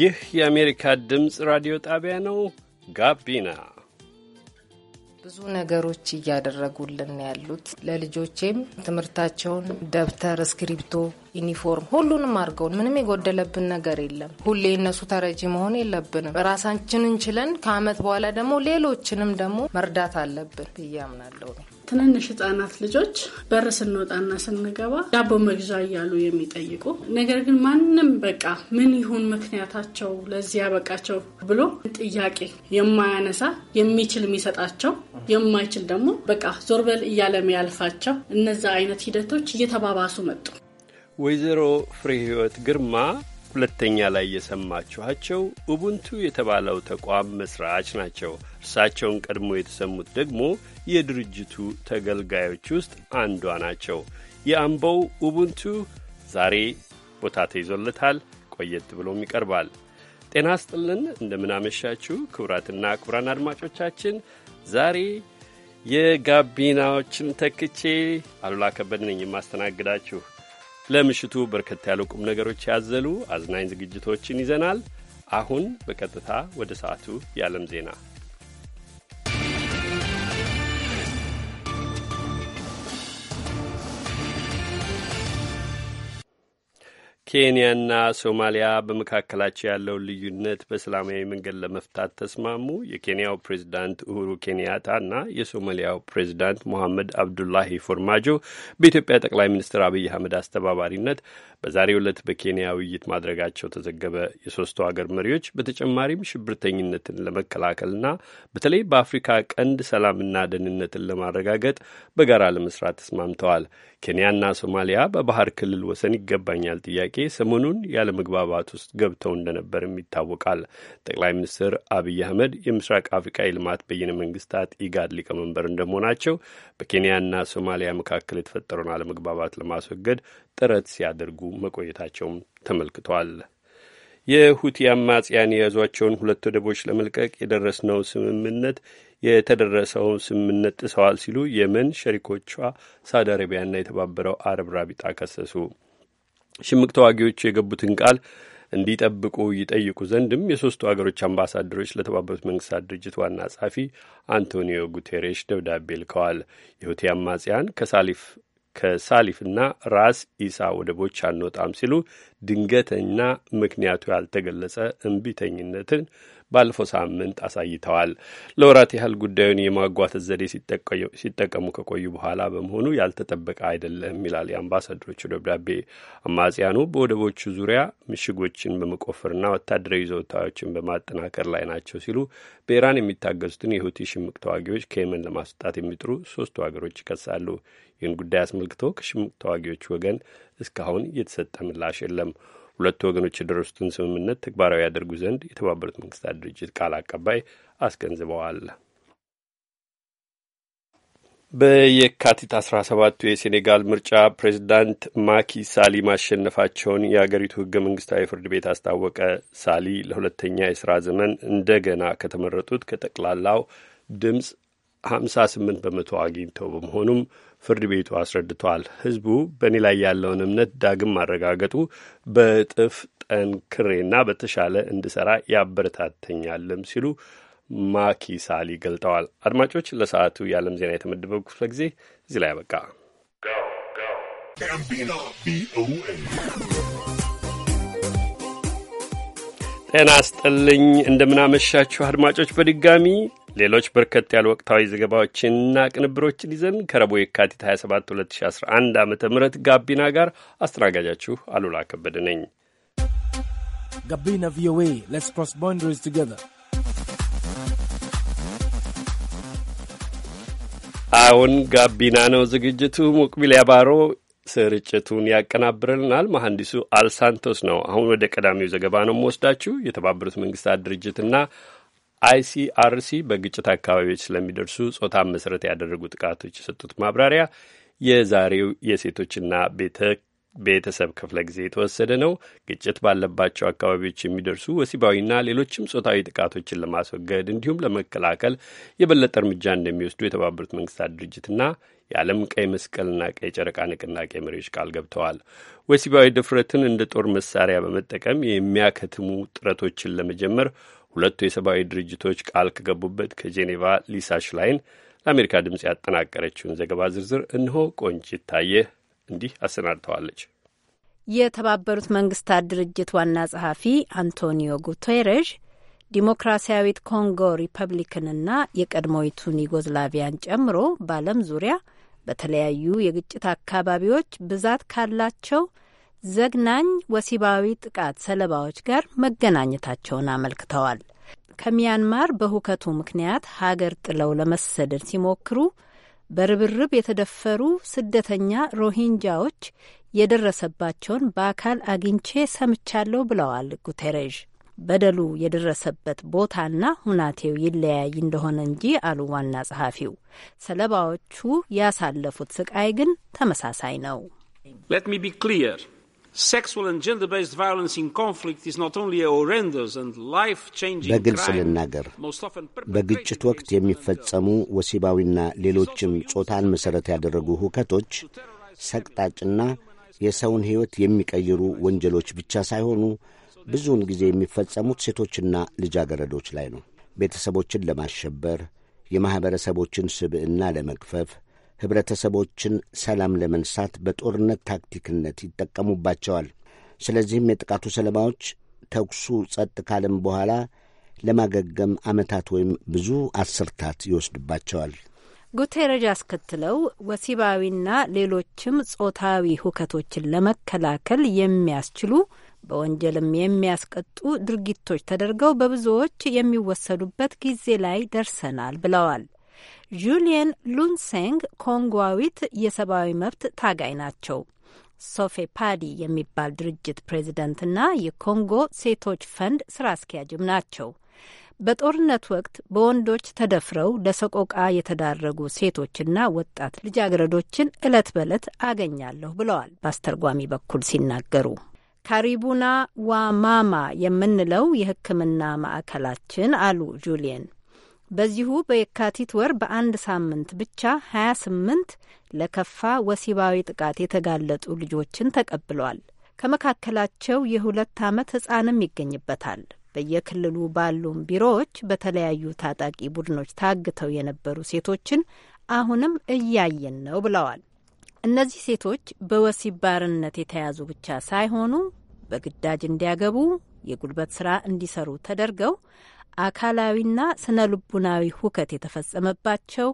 ይህ የአሜሪካ ድምፅ ራዲዮ ጣቢያ ነው። ጋቢና ብዙ ነገሮች እያደረጉልን ያሉት ለልጆቼም ትምህርታቸውን ደብተር፣ እስክሪብቶ፣ ዩኒፎርም ሁሉንም አድርገውን ምንም የጎደለብን ነገር የለም። ሁሌ እነሱ ተረጂ መሆን የለብንም። ራሳችንን ችለን ከአመት በኋላ ደግሞ ሌሎችንም ደግሞ መርዳት አለብን ብዬ አምናለሁ። ትንንሽ ህጻናት ልጆች በር ስንወጣና ስንገባ ዳቦ መግዣ እያሉ የሚጠይቁ ነገር ግን ማንም በቃ ምን ይሁን ምክንያታቸው ለዚህ ያበቃቸው ብሎ ጥያቄ የማያነሳ የሚችል የሚሰጣቸው የማይችል ደግሞ በቃ ዞር በል እያለ የሚያልፋቸው እነዛ አይነት ሂደቶች እየተባባሱ መጡ። ወይዘሮ ፍሬ ህይወት ግርማ ሁለተኛ ላይ የሰማችኋቸው ኡቡንቱ የተባለው ተቋም መስራች ናቸው። እርሳቸውን ቀድሞ የተሰሙት ደግሞ የድርጅቱ ተገልጋዮች ውስጥ አንዷ ናቸው። የአምቦው ኡቡንቱ ዛሬ ቦታ ተይዞለታል። ቆየት ብሎም ይቀርባል። ጤና ስጥልን፣ እንደምናመሻችሁ ክቡራትና ክቡራን አድማጮቻችን ዛሬ የጋቢናዎችን ተክቼ አሉላ ከበድ ነኝ የማስተናግዳችሁ። ለምሽቱ በርከት ያሉ ቁም ነገሮች ያዘሉ አዝናኝ ዝግጅቶችን ይዘናል። አሁን በቀጥታ ወደ ሰዓቱ የዓለም ዜና ኬንያና ሶማሊያ በመካከላቸው ያለውን ልዩነት በሰላማዊ መንገድ ለመፍታት ተስማሙ። የኬንያው ፕሬዚዳንት ኡሁሩ ኬንያታና የሶማሊያው ፕሬዚዳንት ሞሐመድ አብዱላሂ ፎርማጆ በኢትዮጵያ ጠቅላይ ሚኒስትር አብይ አህመድ አስተባባሪነት በዛሬው ዕለት በኬንያ ውይይት ማድረጋቸው ተዘገበ። የሶስቱ አገር መሪዎች በተጨማሪም ሽብርተኝነትን ለመከላከልና በተለይ በአፍሪካ ቀንድ ሰላምና ደህንነትን ለማረጋገጥ በጋራ ለመስራት ተስማምተዋል። ኬንያና ሶማሊያ በባህር ክልል ወሰን ይገባኛል ጥያቄ ሰሞኑን ያለመግባባት ውስጥ ገብተው እንደነበርም ይታወቃል። ጠቅላይ ሚኒስትር አብይ አህመድ የምስራቅ አፍሪካ የልማት በይነ መንግስታት ኢጋድ ሊቀመንበር እንደመሆናቸው በኬንያና ሶማሊያ መካከል የተፈጠረውን አለመግባባት ለማስወገድ ጥረት ሲያደርጉ መቆየታቸውም ተመልክቷል። የሁቲ አማጽያን የያዟቸውን ሁለት ወደቦች ለመልቀቅ የደረስነው ስምምነት የተደረሰው ስምምነት ጥሰዋል ሲሉ የመን ሸሪኮቿ ሳውዲ አረቢያና የተባበረው አረብ ራቢጣ ከሰሱ። ሽምቅ ተዋጊዎቹ የገቡትን ቃል እንዲጠብቁ ይጠይቁ ዘንድም የሶስቱ አገሮች አምባሳደሮች ለተባበሩት መንግስታት ድርጅት ዋና ጸሐፊ አንቶኒዮ ጉቴሬሽ ደብዳቤ ልከዋል። የሁቲ አማጽያን ከሳሊፍ ከሳሊፍና ራስ ኢሳ ወደቦች አንወጣም ሲሉ ድንገተኛ ምክንያቱ ያልተገለጸ እምቢተኝነትን ባለፈው ሳምንት አሳይተዋል። ለወራት ያህል ጉዳዩን የማጓተት ዘዴ ሲጠቀሙ ከቆዩ በኋላ በመሆኑ ያልተጠበቀ አይደለም ይላል የአምባሳደሮቹ ደብዳቤ። አማጽያኑ በወደቦቹ ዙሪያ ምሽጎችን በመቆፈርና ወታደራዊ ዘወታዎችን በማጠናከር ላይ ናቸው ሲሉ በኢራን የሚታገዙትን የሁቲ ሽምቅ ተዋጊዎች ከየመን ለማስወጣት የሚጥሩ ሶስቱ ሀገሮች ይከሳሉ። ይህን ጉዳይ አስመልክቶ ከሽምቅ ተዋጊዎች ወገን እስካሁን የተሰጠ ምላሽ የለም። ሁለቱ ወገኖች የደረሱትን ስምምነት ተግባራዊ ያደርጉ ዘንድ የተባበሩት መንግስታት ድርጅት ቃል አቀባይ አስገንዝበዋል። በየካቲት 17ቱ የሴኔጋል ምርጫ ፕሬዚዳንት ማኪ ሳሊ ማሸነፋቸውን የአገሪቱ ህገ መንግስታዊ ፍርድ ቤት አስታወቀ። ሳሊ ለሁለተኛ የስራ ዘመን እንደገና ከተመረጡት ከጠቅላላው ድምፅ ስምንት በመቶ አግኝተው በመሆኑም ፍርድ ቤቱ አስረድቷል። ህዝቡ በእኔ ላይ ያለውን እምነት ዳግም ማረጋገጡ በእጥፍ ጠንክሬና በተሻለ እንድሰራ ያበረታተኛልም ሲሉ ማኪ ሳሊ ገልጠዋል። አድማጮች፣ ለሰዓቱ የዓለም ዜና የተመደበው ክፍለ ጊዜ እዚህ ላይ ያበቃ። ጤና ስጥልኝ፣ እንደምናመሻችሁ አድማጮች። በድጋሚ ሌሎች በርከት ያሉ ወቅታዊ ዘገባዎችንና ቅንብሮችን ይዘን ከረቦ የካቲት 27 2011 ዓ ም ጋቢና ጋር አስተናጋጃችሁ አሉላ ከበደ ነኝ። ጋቢና ቪኦኤ ሌትስ ክሮስ ቦንደሪስ ቱጌዘር። አሁን ጋቢና ነው ዝግጅቱ። ሙቅቢል ያባሮ ስርጭቱን ያቀናብርልናል። መሐንዲሱ አልሳንቶስ ነው። አሁን ወደ ቀዳሚው ዘገባ ነው የምወስዳችሁ። የተባበሩት መንግስታት ድርጅትና አይሲአርሲ በግጭት አካባቢዎች ስለሚደርሱ ጾታ መሰረት ያደረጉ ጥቃቶች የሰጡት ማብራሪያ የዛሬው የሴቶችና ቤተ ቤተሰብ ክፍለ ጊዜ የተወሰደ ነው። ግጭት ባለባቸው አካባቢዎች የሚደርሱ ወሲባዊና ሌሎችም ጾታዊ ጥቃቶችን ለማስወገድ እንዲሁም ለመከላከል የበለጠ እርምጃ እንደሚወስዱ የተባበሩት መንግስታት ድርጅትና የዓለም ቀይ መስቀልና ቀይ ጨረቃ ንቅናቄ መሪዎች ቃል ገብተዋል። ወሲባዊ ድፍረትን እንደ ጦር መሳሪያ በመጠቀም የሚያከትሙ ጥረቶችን ለመጀመር ሁለቱ የሰብአዊ ድርጅቶች ቃል ከገቡበት ከጄኔቫ ሊሳ ሽላይን ለአሜሪካ ድምፅ ያጠናቀረችውን ዘገባ ዝርዝር እንሆ ቆንጂት ታየ እንዲህ አሰናድተዋለች። የተባበሩት መንግስታት ድርጅት ዋና ጸሐፊ አንቶኒዮ ጉቴሬሽ ዲሞክራሲያዊት ኮንጎ ሪፐብሊክንና የቀድሞይቱን ዩጎዝላቪያን ጨምሮ በዓለም ዙሪያ በተለያዩ የግጭት አካባቢዎች ብዛት ካላቸው ዘግናኝ ወሲባዊ ጥቃት ሰለባዎች ጋር መገናኘታቸውን አመልክተዋል። ከሚያንማር በሁከቱ ምክንያት ሀገር ጥለው ለመሰደድ ሲሞክሩ በርብርብ የተደፈሩ ስደተኛ ሮሂንጃዎች የደረሰባቸውን በአካል አግኝቼ ሰምቻለሁ ብለዋል ጉቴሬዥ። በደሉ የደረሰበት ቦታና ሁናቴው ይለያይ እንደሆነ እንጂ አሉ ዋና ጸሐፊው። ሰለባዎቹ ያሳለፉት ስቃይ ግን ተመሳሳይ ነው። Let በግልጽ ልናገር፣ በግጭት ወቅት የሚፈጸሙ ወሲባዊና ሌሎችም ጾታን መሠረት ያደረጉ ሁከቶች ሰቅጣጭና የሰውን ሕይወት የሚቀይሩ ወንጀሎች ብቻ ሳይሆኑ ብዙውን ጊዜ የሚፈጸሙት ሴቶችና ልጃገረዶች ላይ ነው። ቤተሰቦችን ለማሸበር፣ የማኅበረሰቦችን ስብዕና ለመግፈፍ ኅብረተሰቦችን ሰላም ለመንሳት በጦርነት ታክቲክነት ይጠቀሙባቸዋል። ስለዚህም የጥቃቱ ሰለባዎች ተኩሱ ጸጥ ካለም በኋላ ለማገገም ዓመታት ወይም ብዙ አስርታት ይወስድባቸዋል። ጉቴረዥ አስከትለው ወሲባዊና ሌሎችም ጾታዊ ሁከቶችን ለመከላከል የሚያስችሉ በወንጀልም የሚያስቀጡ ድርጊቶች ተደርገው በብዙዎች የሚወሰዱበት ጊዜ ላይ ደርሰናል ብለዋል። ጁሊየን ሉንሴንግ ኮንጓዊት የሰብአዊ መብት ታጋይ ናቸው። ሶፌ ፓዲ የሚባል ድርጅት ፕሬዚደንትና የኮንጎ ሴቶች ፈንድ ስራ አስኪያጅም ናቸው። በጦርነት ወቅት በወንዶች ተደፍረው ለሰቆቃ የተዳረጉ ሴቶችና ወጣት ልጃገረዶችን እለት በእለት አገኛለሁ ብለዋል በአስተርጓሚ በኩል ሲናገሩ። ካሪቡና ዋማማ የምንለው የሕክምና ማዕከላችን አሉ ጁሊየን በዚሁ በየካቲት ወር በአንድ ሳምንት ብቻ 28 ለከፋ ወሲባዊ ጥቃት የተጋለጡ ልጆችን ተቀብሏል። ከመካከላቸው የሁለት ዓመት ሕፃንም ይገኝበታል። በየክልሉ ባሉም ቢሮዎች በተለያዩ ታጣቂ ቡድኖች ታግተው የነበሩ ሴቶችን አሁንም እያየን ነው ብለዋል። እነዚህ ሴቶች በወሲብ ባርነት የተያዙ ብቻ ሳይሆኑ በግዳጅ እንዲያገቡ፣ የጉልበት ስራ እንዲሰሩ ተደርገው አካላዊና ስነ ልቡናዊ ሁከት የተፈጸመባቸው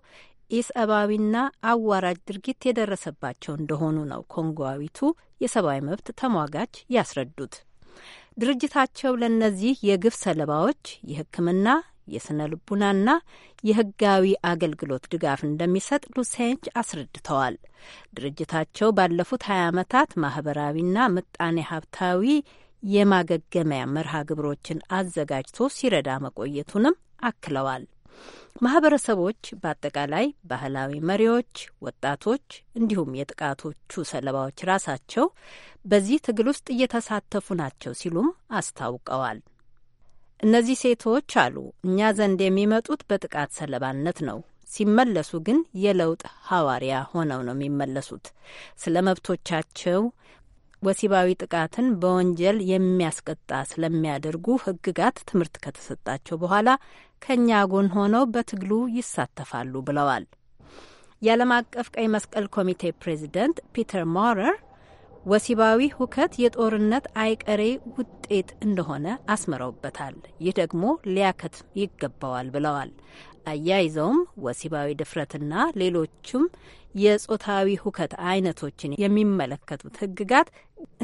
ኢሰብአዊና አዋራጅ ድርጊት የደረሰባቸው እንደሆኑ ነው ኮንጎዊቱ የሰብአዊ መብት ተሟጋች ያስረዱት። ድርጅታቸው ለእነዚህ የግፍ ሰለባዎች የሕክምና የስነ ልቡናና የህጋዊ አገልግሎት ድጋፍ እንደሚሰጥ ሉሴንች አስረድተዋል። ድርጅታቸው ባለፉት 20 ዓመታት ማህበራዊና ምጣኔ ሀብታዊ የማገገሚያ መርሃ ግብሮችን አዘጋጅቶ ሲረዳ መቆየቱንም አክለዋል። ማህበረሰቦች በአጠቃላይ ባህላዊ መሪዎች፣ ወጣቶች እንዲሁም የጥቃቶቹ ሰለባዎች ራሳቸው በዚህ ትግል ውስጥ እየተሳተፉ ናቸው ሲሉም አስታውቀዋል። እነዚህ ሴቶች አሉ እኛ ዘንድ የሚመጡት በጥቃት ሰለባነት ነው። ሲመለሱ ግን የለውጥ ሐዋርያ ሆነው ነው የሚመለሱት። ስለ መብቶቻቸው ወሲባዊ ጥቃትን በወንጀል የሚያስቀጣ ስለሚያደርጉ ሕግጋት ትምህርት ከተሰጣቸው በኋላ ከእኛ ጎን ሆነው በትግሉ ይሳተፋሉ ብለዋል። የዓለም አቀፍ ቀይ መስቀል ኮሚቴ ፕሬዚደንት ፒተር ሞረር ወሲባዊ ሁከት የጦርነት አይቀሬ ውጤት እንደሆነ አስምረውበታል። ይህ ደግሞ ሊያከት ይገባዋል ብለዋል። አያይዘውም ወሲባዊ ድፍረትና ሌሎችም የጾታዊ ሁከት አይነቶችን የሚመለከቱት ህግጋት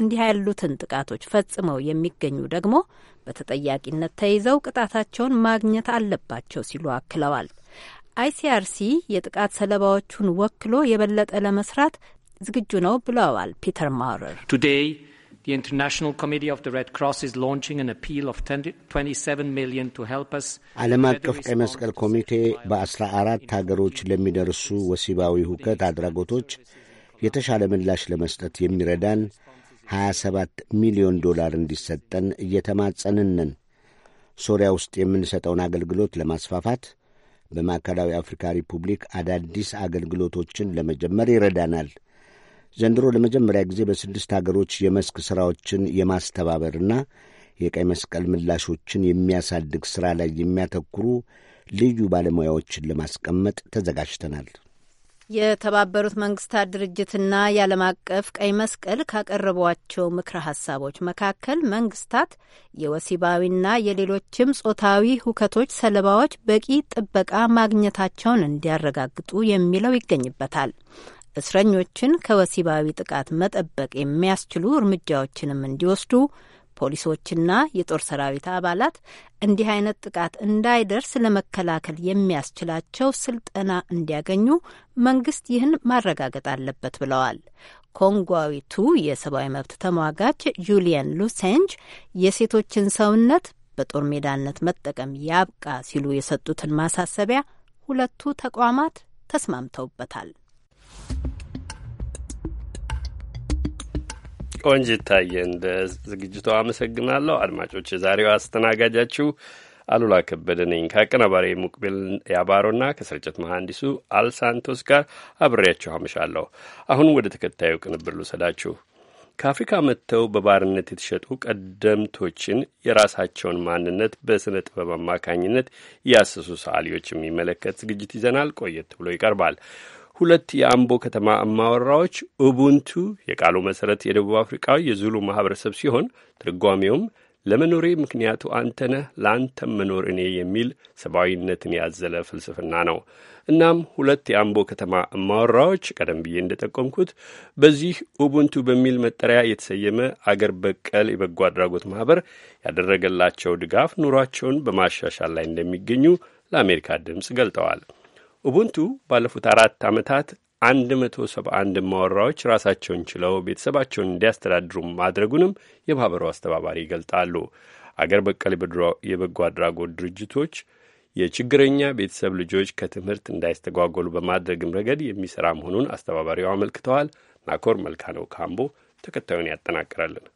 እንዲህ ያሉትን ጥቃቶች ፈጽመው የሚገኙ ደግሞ በተጠያቂነት ተይዘው ቅጣታቸውን ማግኘት አለባቸው ሲሉ አክለዋል። አይሲአርሲ የጥቃት ሰለባዎቹን ወክሎ የበለጠ ለመስራት ዝግጁ ነው ብለዋል ፒተር ማውረር The ዓለም አቀፍ ቀይ መስቀል ኮሚቴ በአስራ አራት ሀገሮች ለሚደርሱ ወሲባዊ ሁከት አድራጎቶች የተሻለ ምላሽ ለመስጠት የሚረዳን 27 ሚሊዮን ዶላር እንዲሰጠን እየተማጸንንን ነን። ሶሪያ ውስጥ የምንሰጠውን አገልግሎት ለማስፋፋት በማዕከላዊ አፍሪካ ሪፑብሊክ አዳዲስ አገልግሎቶችን ለመጀመር ይረዳናል። ዘንድሮ ለመጀመሪያ ጊዜ በስድስት አገሮች የመስክ ሥራዎችን የማስተባበርና የቀይ መስቀል ምላሾችን የሚያሳድግ ሥራ ላይ የሚያተኩሩ ልዩ ባለሙያዎችን ለማስቀመጥ ተዘጋጅተናል። የተባበሩት መንግስታት ድርጅትና የዓለም አቀፍ ቀይ መስቀል ካቀረቧቸው ምክረ ሀሳቦች መካከል መንግስታት የወሲባዊና የሌሎችም ጾታዊ ሁከቶች ሰለባዎች በቂ ጥበቃ ማግኘታቸውን እንዲያረጋግጡ የሚለው ይገኝበታል። እስረኞችን ከወሲባዊ ጥቃት መጠበቅ የሚያስችሉ እርምጃዎችንም እንዲወስዱ ፖሊሶችና የጦር ሰራዊት አባላት እንዲህ አይነት ጥቃት እንዳይደርስ ለመከላከል የሚያስችላቸው ስልጠና እንዲያገኙ መንግስት ይህን ማረጋገጥ አለበት ብለዋል። ኮንጓዊቱ የሰብአዊ መብት ተሟጋች ጁሊየን ሉሴንጅ የሴቶችን ሰውነት በጦር ሜዳነት መጠቀም ያብቃ ሲሉ የሰጡትን ማሳሰቢያ ሁለቱ ተቋማት ተስማምተውበታል። ቆንጅት ታየን ዝግጅቱ አመሰግናለሁ። አድማጮች፣ የዛሬው አስተናጋጃችሁ አሉላ ከበደ ነኝ ከአቀናባሪ ሙቅቢል ያባሮና ከስርጭት መሐንዲሱ አልሳንቶስ ጋር አብሬያችሁ አመሻለሁ። አሁን ወደ ተከታዩ ቅንብር ልውሰዳችሁ። ከአፍሪካ መጥተው በባርነት የተሸጡ ቀደምቶችን የራሳቸውን ማንነት በሥነ ጥበብ አማካኝነት ያሰሱ ሰዓሊዎች የሚመለከት ዝግጅት ይዘናል። ቆየት ብሎ ይቀርባል። ሁለት የአምቦ ከተማ እማወራዎች ኡቡንቱ የቃሉ መሠረት የደቡብ አፍሪካዊ የዙሉ ማኅበረሰብ ሲሆን ትርጓሜውም ለመኖሬ ምክንያቱ አንተነህ ለአንተም መኖር እኔ የሚል ሰብአዊነትን ያዘለ ፍልስፍና ነው። እናም ሁለት የአምቦ ከተማ እማወራዎች ቀደም ብዬ እንደጠቆምኩት በዚህ ኡቡንቱ በሚል መጠሪያ የተሰየመ አገር በቀል የበጎ አድራጎት ማኅበር ያደረገላቸው ድጋፍ ኑሯቸውን በማሻሻል ላይ እንደሚገኙ ለአሜሪካ ድምፅ ገልጠዋል። ኡቡንቱ ባለፉት አራት ዓመታት 171 ማወራዎች ራሳቸውን ችለው ቤተሰባቸውን እንዲያስተዳድሩ ማድረጉንም የማኅበሩ አስተባባሪ ይገልጣሉ። አገር በቀል የበጎ አድራጎት ድርጅቶች የችግረኛ ቤተሰብ ልጆች ከትምህርት እንዳይስተጓጎሉ በማድረግም ረገድ የሚሠራ መሆኑን አስተባባሪው አመልክተዋል። ናኮር መልካ ነው ካምቦ ተከታዩን ያጠናቅራለን።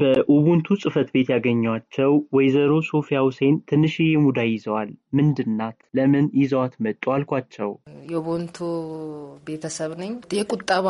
በኡቡንቱ ጽህፈት ቤት ያገኟቸው ወይዘሮ ሶፊያ ሁሴን ትንሽዬ ሙዳይ ይዘዋል። ምንድናት? ለምን ይዘዋት መጡ? አልኳቸው። የኡቡንቱ ቤተሰብ ነኝ። የቁጠባ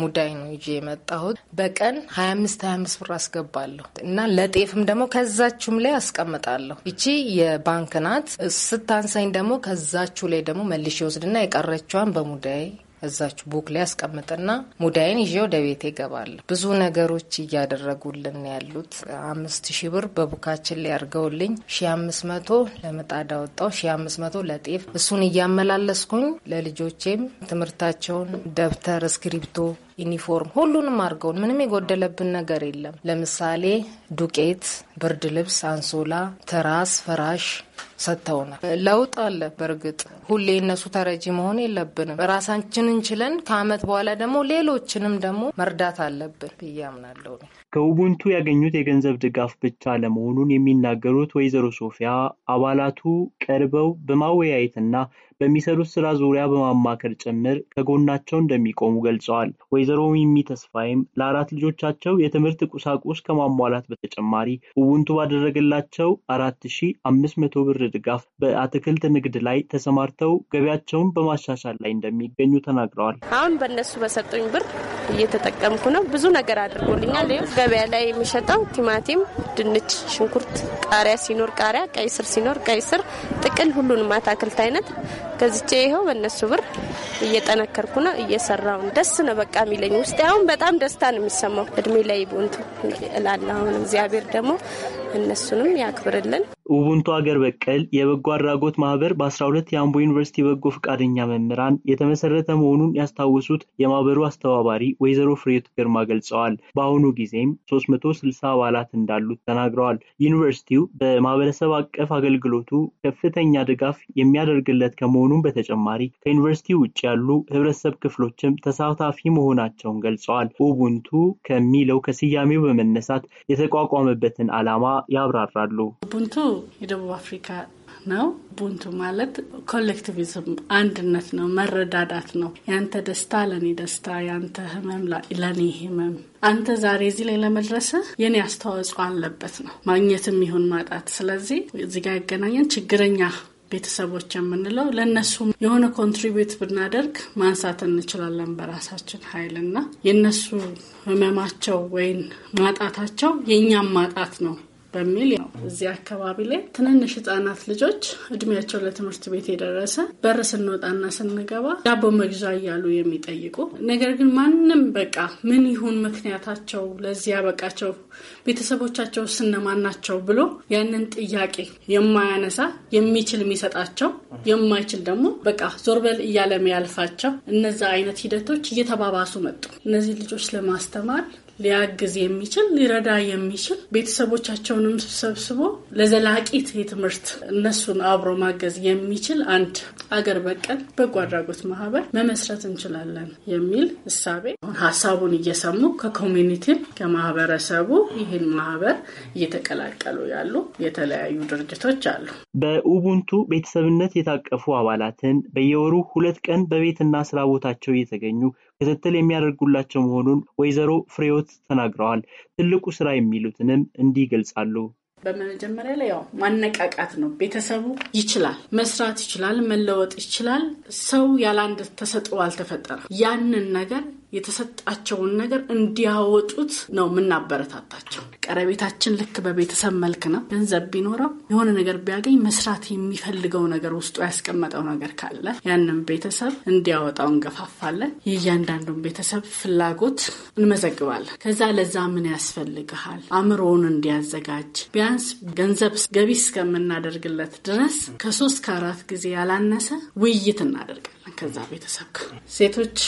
ሙዳይ ነው ይዤ የመጣሁት። በቀን ሀያ አምስት ሀያ አምስት ብር አስገባለሁ እና ለጤፍም ደግሞ ከዛችሁም ላይ አስቀምጣለሁ። ይቺ የባንክ ናት። ስታንሳኝ ደግሞ ከዛችሁ ላይ ደግሞ መልሼ ወስድና የቀረችዋን በሙዳይ እዛች ቡክ ላይ ያስቀምጥና ሙዳይን ይዤ ወደ ቤት ይገባል። ብዙ ነገሮች እያደረጉልን ያሉት አምስት ሺ ብር በቡካችን ላይ ያርገውልኝ፣ ሺ አምስት መቶ ለምጣድ አወጣው፣ ሺ አምስት መቶ ለጤፍ እሱን እያመላለስኩኝ ለልጆቼም ትምህርታቸውን ደብተር፣ እስክሪብቶ ዩኒፎርም፣ ሁሉንም አድርገውን ምንም የጎደለብን ነገር የለም። ለምሳሌ ዱቄት፣ ብርድ ልብስ፣ አንሶላ፣ ትራስ፣ ፍራሽ ሰጥተውናል። ለውጥ አለ። በእርግጥ ሁሌ እነሱ ተረጂ መሆን የለብንም። ራሳችን ችለን ከአመት በኋላ ደግሞ ሌሎችንም ደግሞ መርዳት አለብን ብዬ አምናለሁ። ከኡቡንቱ ያገኙት የገንዘብ ድጋፍ ብቻ ለመሆኑን የሚናገሩት ወይዘሮ ሶፊያ አባላቱ ቀርበው በማወያየትና በሚሰሩት ስራ ዙሪያ በማማከር ጭምር ከጎናቸው እንደሚቆሙ ገልጸዋል። ወይዘሮ ሚሚ ተስፋይም ለአራት ልጆቻቸው የትምህርት ቁሳቁስ ከማሟላት በተጨማሪ ውንቱ ባደረገላቸው አራት ሺ አምስት መቶ ብር ድጋፍ በአትክልት ንግድ ላይ ተሰማርተው ገቢያቸውን በማሻሻል ላይ እንደሚገኙ ተናግረዋል። አሁን በእነሱ በሰጡኝ ብር እየተጠቀምኩ ነው። ብዙ ነገር አድርጎልኛል። ገበያ ላይ የሚሸጠው ቲማቲም፣ ድንች፣ ሽንኩርት፣ ቃሪያ ሲኖር ቃሪያ፣ ቀይ ስር ሲኖር ቀይ ስር፣ ጥቅል ሁሉንም አታክልት አይነት ገዝቼ ይኸው በእነሱ ብር እየጠነከርኩ ነው፣ እየሰራው ደስ ነው በቃ የሚለኝ ውስጥ አሁን በጣም ደስታ ነው የሚሰማው። እድሜ ላይ ቡንቱ እላለሁ። አሁንም እግዚአብሔር ደግሞ እነሱንም ያክብርልን። ኡቡንቱ አገር በቀል የበጎ አድራጎት ማህበር በ12 የአምቦ ዩኒቨርሲቲ በጎ ፈቃደኛ መምህራን የተመሰረተ መሆኑን ያስታወሱት የማህበሩ አስተባባሪ ወይዘሮ ፍሬቱ ግርማ ገልጸዋል። በአሁኑ ጊዜም 360 አባላት እንዳሉት ተናግረዋል። ዩኒቨርሲቲው በማህበረሰብ አቀፍ አገልግሎቱ ከፍተኛ ድጋፍ የሚያደርግለት ከመሆኑም በተጨማሪ ከዩኒቨርሲቲ ውጭ ያሉ ህብረተሰብ ክፍሎችም ተሳታፊ መሆናቸውን ገልጸዋል። ኡቡንቱ ከሚለው ከስያሜው በመነሳት የተቋቋመበትን ዓላማ ያብራራሉ። ኡቡንቱ የደቡብ አፍሪካ ነው። ቡንቱ ማለት ኮሌክቲቪዝም አንድነት ነው፣ መረዳዳት ነው። ያንተ ደስታ ለእኔ ደስታ፣ ያንተ ህመም ለእኔ ህመም፣ አንተ ዛሬ እዚህ ላይ ለመድረሰ የኔ አስተዋጽኦ አለበት ነው፣ ማግኘትም ይሁን ማጣት። ስለዚህ እዚህ ጋር ያገናኘን ችግረኛ ቤተሰቦች የምንለው ለእነሱ የሆነ ኮንትሪቢዩት ብናደርግ ማንሳት እንችላለን በራሳችን ኃይልና የእነሱ ህመማቸው ወይም ማጣታቸው የእኛም ማጣት ነው በሚል ያው እዚህ አካባቢ ላይ ትንንሽ ህጻናት ልጆች እድሜያቸው ለትምህርት ቤት የደረሰ በር ስንወጣና ስንገባ ዳቦ መግዣ እያሉ የሚጠይቁ ነገር ግን ማንም በቃ ምን ይሁን ምክንያታቸው ለዚህ ያበቃቸው ቤተሰቦቻቸው እነማን ናቸው ብሎ ያንን ጥያቄ የማያነሳ የሚችል የሚሰጣቸው የማይችል ደግሞ በቃ ዞርበል እያለ የሚያልፋቸው እነዚ አይነት ሂደቶች እየተባባሱ መጡ። እነዚህ ልጆች ለማስተማር ሊያግዝ የሚችል ሊረዳ የሚችል ቤተሰቦቻቸውንም ሰብስቦ ለዘላቂት የትምህርት እነሱን አብሮ ማገዝ የሚችል አንድ አገር በቀል በጎ አድራጎት ማህበር መመስረት እንችላለን የሚል እሳቤ ሀሳቡን እየሰሙ ከኮሚኒቲ ከማህበረሰቡ ይህን ማህበር እየተቀላቀሉ ያሉ የተለያዩ ድርጅቶች አሉ። በኡቡንቱ ቤተሰብነት የታቀፉ አባላትን በየወሩ ሁለት ቀን በቤትና ስራ ቦታቸው እየተገኙ ክትትል የሚያደርጉላቸው መሆኑን ወይዘሮ ፍሬዎት ተናግረዋል። ትልቁ ስራ የሚሉትንም እንዲህ ይገልጻሉ። በመጀመሪያ ላይ ያው ማነቃቃት ነው። ቤተሰቡ ይችላል፣ መስራት ይችላል፣ መለወጥ ይችላል። ሰው ያለ አንድ ተሰጥኦ አልተፈጠረም። ያንን ነገር የተሰጣቸውን ነገር እንዲያወጡት ነው የምናበረታታቸው። ቀረቤታችን ልክ በቤተሰብ መልክ ነው። ገንዘብ ቢኖረው የሆነ ነገር ቢያገኝ መስራት የሚፈልገው ነገር ውስጡ ያስቀመጠው ነገር ካለ ያንም ቤተሰብ እንዲያወጣው እንገፋፋለን። የእያንዳንዱን ቤተሰብ ፍላጎት እንመዘግባለን። ከዛ ለዛ ምን ያስፈልግሃል፣ አእምሮውን እንዲያዘጋጅ ቢያንስ ገንዘብ ገቢ እስከምናደርግለት ድረስ ከሶስት ከአራት ጊዜ ያላነሰ ውይይት እናደርጋለን። ከዛ ቤተሰብ ጋር ሴቶች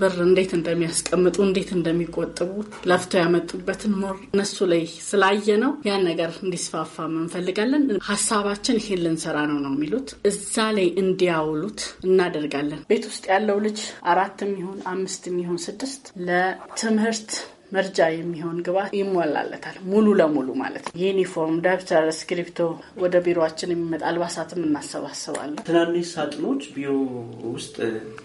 ብር እንዴት እንደሚያስቀምጡ እንዴት እንደሚቆጥቡ ለፍተው ያመጡበትን ሞር እነሱ ላይ ስላየ ነው ያን ነገር እንዲስፋፋ እንፈልጋለን። ሀሳባችን ይሄን ልንሰራ ነው ነው የሚሉት እዛ ላይ እንዲያውሉት እናደርጋለን። ቤት ውስጥ ያለው ልጅ አራትም ይሁን አምስትም ይሁን ስድስት ለትምህርት መርጃ የሚሆን ግብዓት ይሟላለታል ሙሉ ለሙሉ ማለት ነው። ዩኒፎርም፣ ደብተር፣ እስክሪፕቶ ወደ ቢሮችን የሚመጣ አልባሳትም እናሰባስባለን። ትናንሽ ሳጥኖች ቢሮ ውስጥ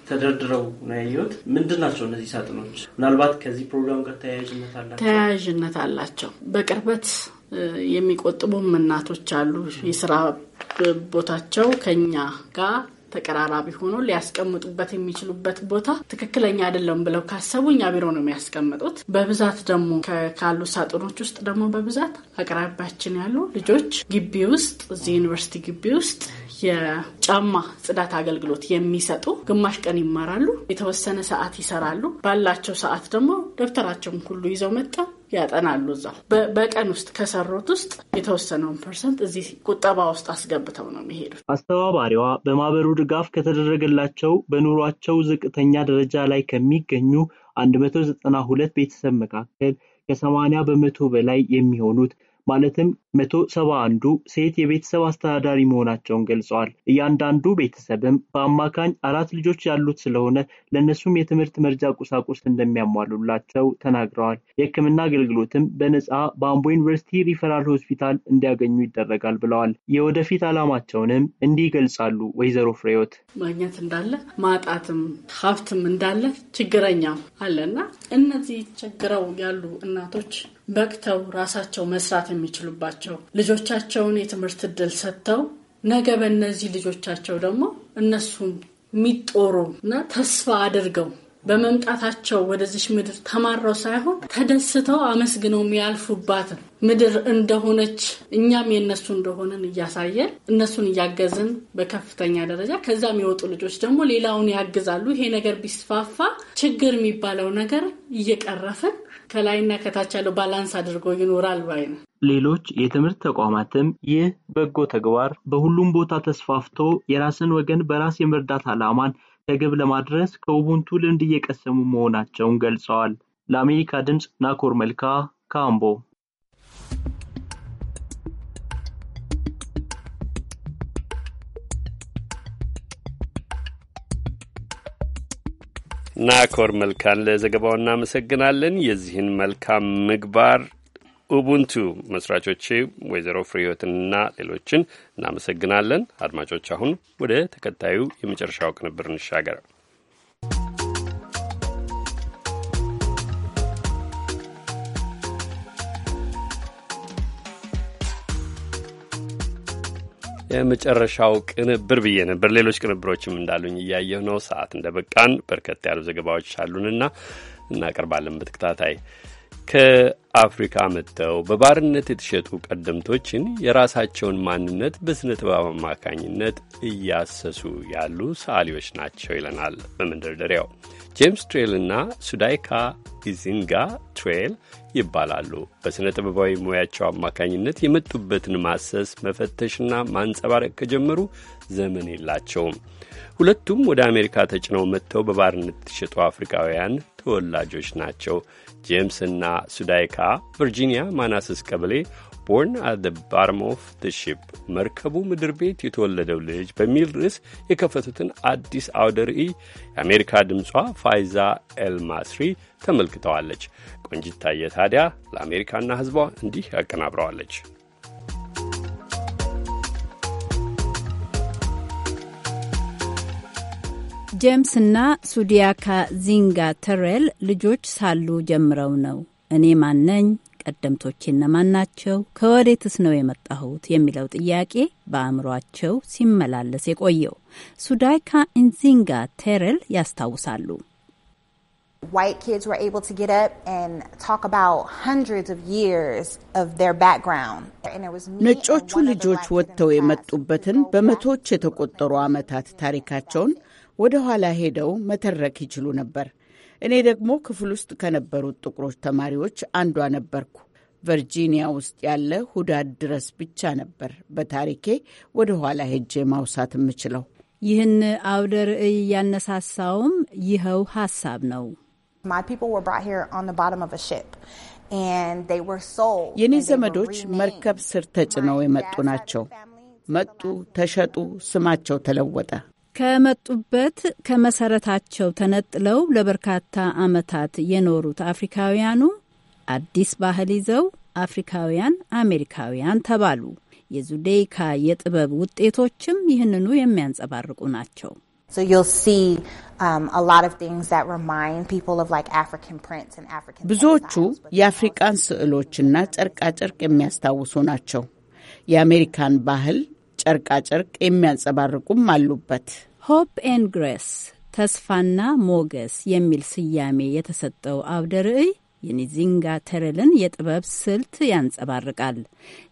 ተደርድረው ነው ያየሁት። ምንድን ናቸው እነዚህ ሳጥኖች? ምናልባት ከዚህ ፕሮግራም ጋር ተያያዥነት አላቸው ተያያዥነት አላቸው። በቅርበት የሚቆጥቡም እናቶች አሉ። የስራ ቦታቸው ከኛ ጋር ተቀራራቢ ሆኖ ሊያስቀምጡበት የሚችሉበት ቦታ ትክክለኛ አይደለም ብለው ካሰቡ እኛ ቢሮ ነው የሚያስቀምጡት። በብዛት ደግሞ ካሉ ሳጥኖች ውስጥ ደግሞ በብዛት አቅራቢያችን ያሉ ልጆች ግቢ ውስጥ እዚህ ዩኒቨርሲቲ ግቢ ውስጥ የጫማ ጽዳት አገልግሎት የሚሰጡ ግማሽ ቀን ይማራሉ፣ የተወሰነ ሰዓት ይሰራሉ። ባላቸው ሰዓት ደግሞ ደብተራቸውን ሁሉ ይዘው መጣ ያጠናሉ። እዛው በቀን ውስጥ ከሰሩት ውስጥ የተወሰነውን ፐርሰንት እዚህ ቁጠባ ውስጥ አስገብተው ነው የሚሄዱት። አስተባባሪዋ በማህበሩ ድጋፍ ከተደረገላቸው በኑሯቸው ዝቅተኛ ደረጃ ላይ ከሚገኙ 192 ቤተሰብ መካከል ከ80 በመቶ በላይ የሚሆኑት ማለትም መቶ ሰባ አንዱ ሴት የቤተሰብ አስተዳዳሪ መሆናቸውን ገልጸዋል። እያንዳንዱ ቤተሰብም በአማካኝ አራት ልጆች ያሉት ስለሆነ ለእነሱም የትምህርት መርጃ ቁሳቁስ እንደሚያሟሉላቸው ተናግረዋል። የሕክምና አገልግሎትም በነፃ በአምቦ ዩኒቨርሲቲ ሪፈራል ሆስፒታል እንዲያገኙ ይደረጋል ብለዋል። የወደፊት ዓላማቸውንም እንዲህ ይገልጻሉ። ወይዘሮ ፍሬዎት ማግኘት እንዳለ ማጣትም ሀብትም እንዳለ ችግረኛም አለና እነዚህ ችግረው ያሉ እናቶች በቅተው ራሳቸው መስራት የሚችሉባቸው ልጆቻቸውን የትምህርት እድል ሰጥተው ነገ በእነዚህ ልጆቻቸው ደግሞ እነሱም የሚጦሩ እና ተስፋ አድርገው በመምጣታቸው ወደዚች ምድር ተማረው ሳይሆን ተደስተው አመስግነው የሚያልፉባት ምድር እንደሆነች እኛም የእነሱ እንደሆነን እያሳየን እነሱን እያገዝን በከፍተኛ ደረጃ ከዛ የሚወጡ ልጆች ደግሞ ሌላውን ያግዛሉ። ይሄ ነገር ቢስፋፋ ችግር የሚባለው ነገር እየቀረፍን ከላይና ከታች ያለው ባላንስ አድርጎ ይኖራል ባይ ነው። ሌሎች የትምህርት ተቋማትም ይህ በጎ ተግባር በሁሉም ቦታ ተስፋፍቶ የራስን ወገን በራስ የመርዳት ዓላማን ለግብ ለማድረስ ከኡቡንቱ ልምድ እየቀሰሙ መሆናቸውን ገልጸዋል። ለአሜሪካ ድምፅ ናኮር መልካ ካምቦ። ናኮር መልካን ለዘገባው እናመሰግናለን። የዚህን መልካም ምግባር ኡቡንቱ መስራቾቼ ወይዘሮ ፍሬህይወትንና ሌሎችን እናመሰግናለን። አድማጮች አሁን ወደ ተከታዩ የመጨረሻው ቅንብር እንሻገር። የመጨረሻው ቅንብር ብዬ ነበር። ሌሎች ቅንብሮችም እንዳሉኝ እያየሁ ነው። ሰዓት እንደ በቃን በርከት ያሉ ዘገባዎች አሉንና እናቀርባለን በተከታታይ ከአፍሪካ መጥተው በባርነት የተሸጡ ቀደምቶችን የራሳቸውን ማንነት በሥነ ጥበብ አማካኝነት እያሰሱ ያሉ ሰዓሊዎች ናቸው ይለናል በመንደርደሪያው። ጄምስ ትሬልና ሱዳይካ ኢዚንጋ ትሬል ይባላሉ። በሥነ ጥበባዊ ሙያቸው አማካኝነት የመጡበትን ማሰስ መፈተሽና ማንጸባረቅ ከጀመሩ ዘመን የላቸውም። ሁለቱም ወደ አሜሪካ ተጭነው መጥተው በባርነት የተሸጡ አፍሪካውያን ተወላጆች ናቸው። ጄምስና ሱዳይካ ቨርጂኒያ ማናስስ ቀበሌ ቦርን አት ባርም ኦፍ ደ ሺፕ መርከቡ ምድር ቤት የተወለደው ልጅ በሚል ርዕስ የከፈቱትን አዲስ አውደ ርዕይ የአሜሪካ ድምጿ ፋይዛ ኤልማስሪ ተመልክተዋለች። ቆንጅታየ ታዲያ ለአሜሪካና ሕዝቧ እንዲህ ያቀናብረዋለች። ጄምስ እና ሱዲያካ ዚንጋ ተሬል ልጆች ሳሉ ጀምረው ነው። እኔ ማነኝ? ቀደምቶቼ እነማን ናቸው? ከወዴትስ ነው የመጣሁት? የሚለው ጥያቄ በአእምሯቸው ሲመላለስ የቆየው ሱዳይካ ኢንዚንጋ ቴረል ያስታውሳሉ። ነጮቹ ልጆች ወጥተው የመጡበትን በመቶዎች የተቆጠሩ ዓመታት ታሪካቸውን ወደ ኋላ ሄደው መተረክ ይችሉ ነበር። እኔ ደግሞ ክፍል ውስጥ ከነበሩት ጥቁሮች ተማሪዎች አንዷ ነበርኩ። ቨርጂኒያ ውስጥ ያለ ሁዳድ ድረስ ብቻ ነበር በታሪኬ ወደ ኋላ ሄጄ ማውሳት የምችለው። ይህን አውደ ርዕይ ያነሳሳውም ይኸው ሀሳብ ነው። የእኔ ዘመዶች መርከብ ስር ተጭነው የመጡ ናቸው። መጡ፣ ተሸጡ፣ ስማቸው ተለወጠ። ከመጡበት ከመሰረታቸው ተነጥለው ለበርካታ ዓመታት የኖሩት አፍሪካውያኑ አዲስ ባህል ይዘው አፍሪካውያን አሜሪካውያን ተባሉ። የዙዴይካ የጥበብ ውጤቶችም ይህንኑ የሚያንጸባርቁ ናቸው። um, ብዙዎቹ የአፍሪቃን ስዕሎችና ጨርቃጨርቅ የሚያስታውሱ ናቸው። የአሜሪካን ባህል ጨርቃጨርቅ የሚያንጸባርቁም አሉበት። ሆፕ ኤን ግሬስ ተስፋና ሞገስ የሚል ስያሜ የተሰጠው አውደ ርዕይ የኒዚንጋ ተረልን የጥበብ ስልት ያንጸባርቃል።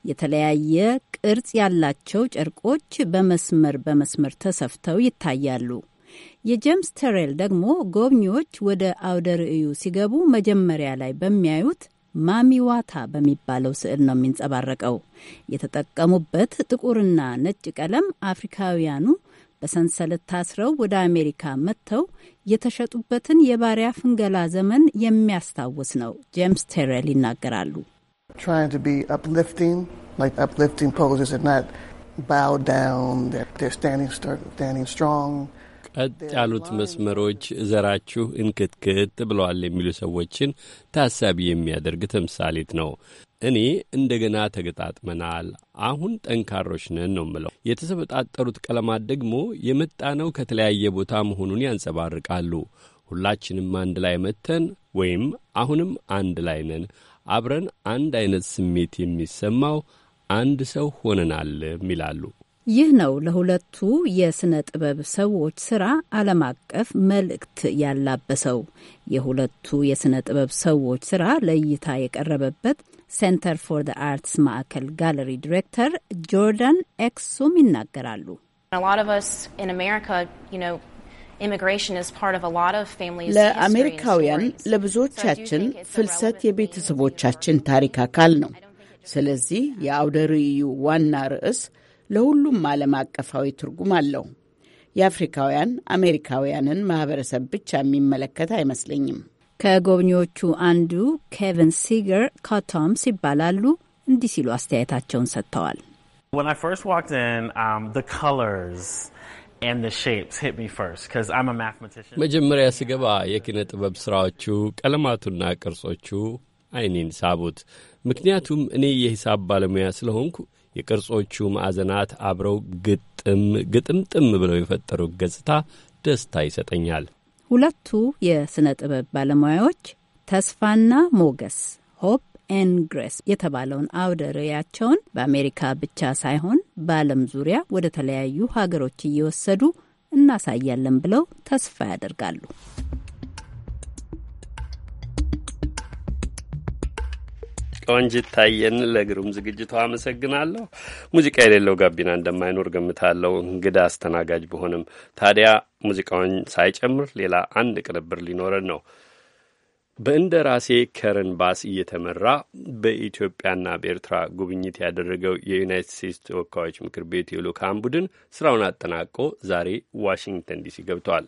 የተለያየ ቅርጽ ያላቸው ጨርቆች በመስመር በመስመር ተሰፍተው ይታያሉ። የጄምስ ተሬል ደግሞ ጎብኚዎች ወደ አውደ ርዕዩ ሲገቡ መጀመሪያ ላይ በሚያዩት ማሚዋታ በሚባለው ስዕል ነው የሚንጸባረቀው። የተጠቀሙበት ጥቁርና ነጭ ቀለም አፍሪካውያኑ በሰንሰለት ታስረው ወደ አሜሪካ መጥተው የተሸጡበትን የባሪያ ፍንገላ ዘመን የሚያስታውስ ነው። ጄምስ ቴሬል ይናገራሉ። ቀጥ ያሉት መስመሮች ዘራችሁ እንክትክት ብለዋል የሚሉ ሰዎችን ታሳቢ የሚያደርግ ተምሳሌት ነው። እኔ እንደገና ተገጣጥመናል፣ አሁን ጠንካሮች ነን ነው ምለው። የተሰበጣጠሩት ቀለማት ደግሞ የመጣነው ከተለያየ ቦታ መሆኑን ያንጸባርቃሉ። ሁላችንም አንድ ላይ መጥተን ወይም አሁንም አንድ ላይ ነን፣ አብረን አንድ አይነት ስሜት የሚሰማው አንድ ሰው ሆነናልም ይላሉ። ይህ ነው ለሁለቱ የስነ ጥበብ ሰዎች ስራ ዓለም አቀፍ መልእክት ያላበሰው። የሁለቱ የሥነ ጥበብ ሰዎች ስራ ለእይታ የቀረበበት ሴንተር ፎር ዘ አርትስ ማዕከል ጋለሪ ዲሬክተር ጆርዳን ኤክሱም ይናገራሉ። ለአሜሪካውያን ለብዙዎቻችን ፍልሰት የቤተሰቦቻችን ታሪክ አካል ነው። ስለዚህ የአውደ ርዕዩ ዋና ርዕስ ለሁሉም ዓለም አቀፋዊ ትርጉም አለው። የአፍሪካውያን አሜሪካውያንን ማህበረሰብ ብቻ የሚመለከት አይመስለኝም። ከጎብኚዎቹ አንዱ ኬቨን ሲገር ኮቶምስ ይባላሉ። እንዲህ ሲሉ አስተያየታቸውን ሰጥተዋል። um, መጀመሪያ ስገባ የኪነ ጥበብ ሥራዎቹ ቀለማቱና ቅርጾቹ አይኔን ሳቡት። ምክንያቱም እኔ የሂሳብ ባለሙያ ስለሆንኩ የቅርጾቹ ማዕዘናት አብረው ግጥም ግጥምጥም ብለው የፈጠሩት ገጽታ ደስታ ይሰጠኛል። ሁለቱ የሥነ ጥበብ ባለሙያዎች ተስፋና ሞገስ ሆፕ ኤን ግሬስ የተባለውን አውደ ርዕያቸውን በአሜሪካ ብቻ ሳይሆን በዓለም ዙሪያ ወደ ተለያዩ ሀገሮች እየወሰዱ እናሳያለን ብለው ተስፋ ያደርጋሉ። ቆንጅት ታየን ለግሩም ዝግጅቱ አመሰግናለሁ። ሙዚቃ የሌለው ጋቢና እንደማይኖር ገምታለሁ፣ እንግዳ አስተናጋጅ በሆንም ታዲያ ሙዚቃውን ሳይጨምር ሌላ አንድ ቅንብር ሊኖረን ነው። በእንደ ራሴ ከረን ባስ እየተመራ በኢትዮጵያና በኤርትራ ጉብኝት ያደረገው የዩናይትድ ስቴትስ ተወካዮች ምክር ቤት የልዑካን ቡድን ስራውን አጠናቆ ዛሬ ዋሽንግተን ዲሲ ገብቷል።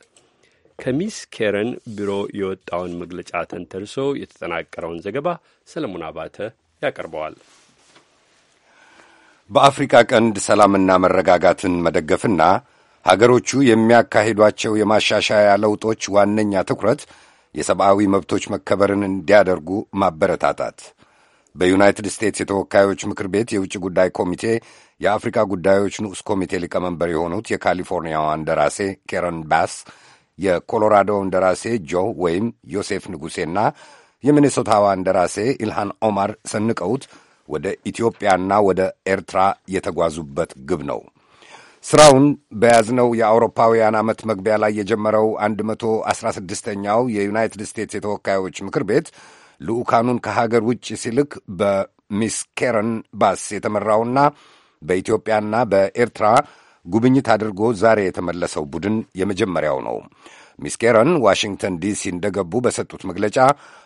ከሚስ ኬረን ቢሮ የወጣውን መግለጫ ተንተርሶ የተጠናቀረውን ዘገባ ሰለሞን አባተ ያቀርበዋል። በአፍሪካ ቀንድ ሰላምና መረጋጋትን መደገፍና ሀገሮቹ የሚያካሂዷቸው የማሻሻያ ለውጦች ዋነኛ ትኩረት የሰብአዊ መብቶች መከበርን እንዲያደርጉ ማበረታታት በዩናይትድ ስቴትስ የተወካዮች ምክር ቤት የውጭ ጉዳይ ኮሚቴ የአፍሪካ ጉዳዮች ንዑስ ኮሚቴ ሊቀመንበር የሆኑት የካሊፎርኒያዋ እንደራሴ ኬረን ባስ የኮሎራዶ እንደራሴ ጆ ወይም ዮሴፍ ንጉሴና የሚኔሶታዋ እንደራሴ ኢልሃን ኦማር ሰንቀውት ወደ ኢትዮጵያና ወደ ኤርትራ የተጓዙበት ግብ ነው። ስራውን በያዝነው የአውሮፓውያን ዓመት መግቢያ ላይ የጀመረው 116ኛው የዩናይትድ ስቴትስ የተወካዮች ምክር ቤት ልዑካኑን ከሀገር ውጭ ሲልክ በሚስ ኬረን ባስ የተመራውና በኢትዮጵያና በኤርትራ ጉብኝት አድርጎ ዛሬ የተመለሰው ቡድን የመጀመሪያው ነው። ሚስ ኬረን ዋሽንግተን ዲሲ እንደገቡ በሰጡት መግለጫ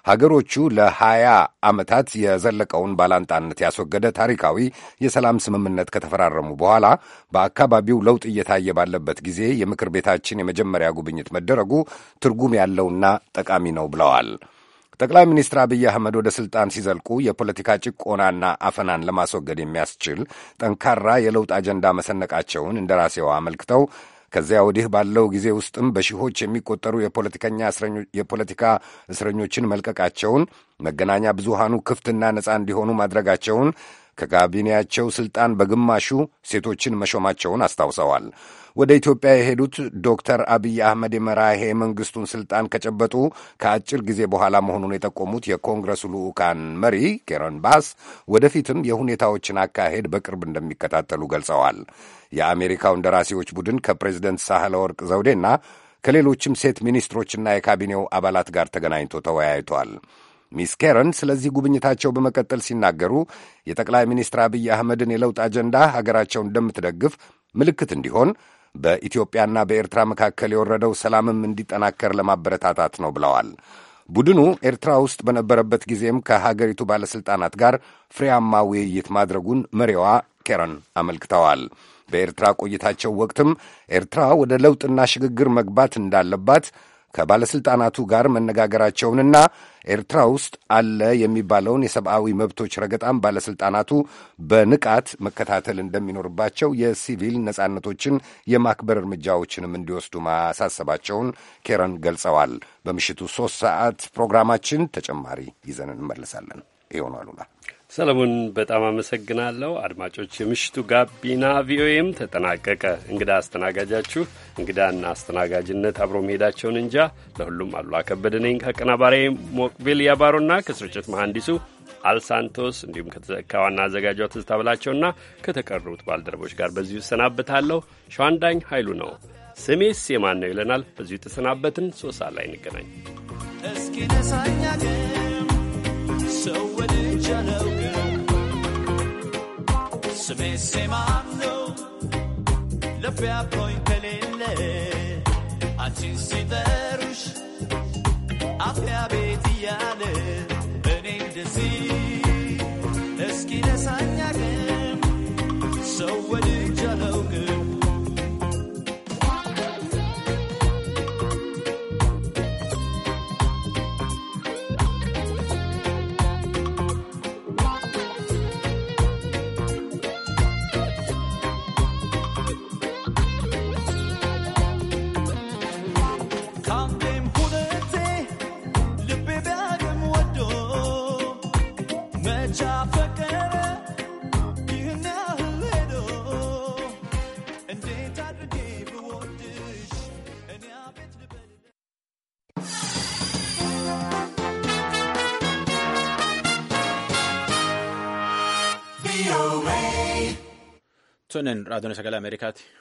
ሀገሮቹ ለሀያ ዓመታት የዘለቀውን ባላንጣነት ያስወገደ ታሪካዊ የሰላም ስምምነት ከተፈራረሙ በኋላ በአካባቢው ለውጥ እየታየ ባለበት ጊዜ የምክር ቤታችን የመጀመሪያ ጉብኝት መደረጉ ትርጉም ያለውና ጠቃሚ ነው ብለዋል። ጠቅላይ ሚኒስትር አብይ አህመድ ወደ ስልጣን ሲዘልቁ የፖለቲካ ጭቆናና አፈናን ለማስወገድ የሚያስችል ጠንካራ የለውጥ አጀንዳ መሰነቃቸውን እንደራሴው አመልክተው ከዚያ ወዲህ ባለው ጊዜ ውስጥም በሺዎች የሚቆጠሩ የፖለቲካ እስረኞችን መልቀቃቸውን፣ መገናኛ ብዙሃኑ ክፍትና ነፃ እንዲሆኑ ማድረጋቸውን ከካቢኔያቸው ስልጣን በግማሹ ሴቶችን መሾማቸውን አስታውሰዋል። ወደ ኢትዮጵያ የሄዱት ዶክተር አብይ አህመድ የመራሄ መንግስቱን ስልጣን ከጨበጡ ከአጭር ጊዜ በኋላ መሆኑን የጠቆሙት የኮንግረሱ ልዑካን መሪ ኬረን ባስ ወደፊትም የሁኔታዎችን አካሄድ በቅርብ እንደሚከታተሉ ገልጸዋል። የአሜሪካው እንደራሴዎች ቡድን ከፕሬዚደንት ሳህለ ወርቅ ዘውዴና ከሌሎችም ሴት ሚኒስትሮችና የካቢኔው አባላት ጋር ተገናኝቶ ተወያይቷል። ሚስ ኬረን ስለዚህ ጉብኝታቸው በመቀጠል ሲናገሩ የጠቅላይ ሚኒስትር አብይ አህመድን የለውጥ አጀንዳ ሀገራቸው እንደምትደግፍ ምልክት እንዲሆን በኢትዮጵያና በኤርትራ መካከል የወረደው ሰላምም እንዲጠናከር ለማበረታታት ነው ብለዋል። ቡድኑ ኤርትራ ውስጥ በነበረበት ጊዜም ከሀገሪቱ ባለሥልጣናት ጋር ፍሬያማ ውይይት ማድረጉን መሪዋ ኬረን አመልክተዋል። በኤርትራ ቆይታቸው ወቅትም ኤርትራ ወደ ለውጥና ሽግግር መግባት እንዳለባት ከባለሥልጣናቱ ጋር መነጋገራቸውንና ኤርትራ ውስጥ አለ የሚባለውን የሰብአዊ መብቶች ረገጣም ባለሥልጣናቱ በንቃት መከታተል እንደሚኖርባቸው የሲቪል ነጻነቶችን የማክበር እርምጃዎችንም እንዲወስዱ ማሳሰባቸውን ኬረን ገልጸዋል። በምሽቱ ሦስት ሰዓት ፕሮግራማችን ተጨማሪ ይዘን እንመልሳለን። ይሆኑ አሉላ ሰለሞን በጣም አመሰግናለሁ። አድማጮች፣ የምሽቱ ጋቢና ቪኦኤም ተጠናቀቀ። እንግዳ አስተናጋጃችሁ እንግዳና አስተናጋጅነት አብሮ መሄዳቸውን እንጃ ለሁሉም አሉ አከበደ ነኝ ከአቀናባሪ ሞቅቤል ያባሮና ከስርጭት መሐንዲሱ አልሳንቶስ እንዲሁም ከዋና አዘጋጇ ትዝታ ብላቸውና ከተቀሩት ባልደረቦች ጋር በዚሁ እሰናበታለሁ። ሸዋንዳኝ ኃይሉ ነው ስሜስ የማን ነው ይለናል። በዚሁ ተሰናበትን። ሶስት ሰዓት ላይ እንገናኝ። ሰው ወድጅ አለው ስሜ ሴማን ነው ለፊያ ፖይ ከሌለ አንቺን ሲጠሩሽ አፍያ ቤት እያለ እኔ ደሲ እስኪ ነሳኛ ግን ሰው ወድጅ አለው To'annaan raadiyoon sagalee Ameerikaati.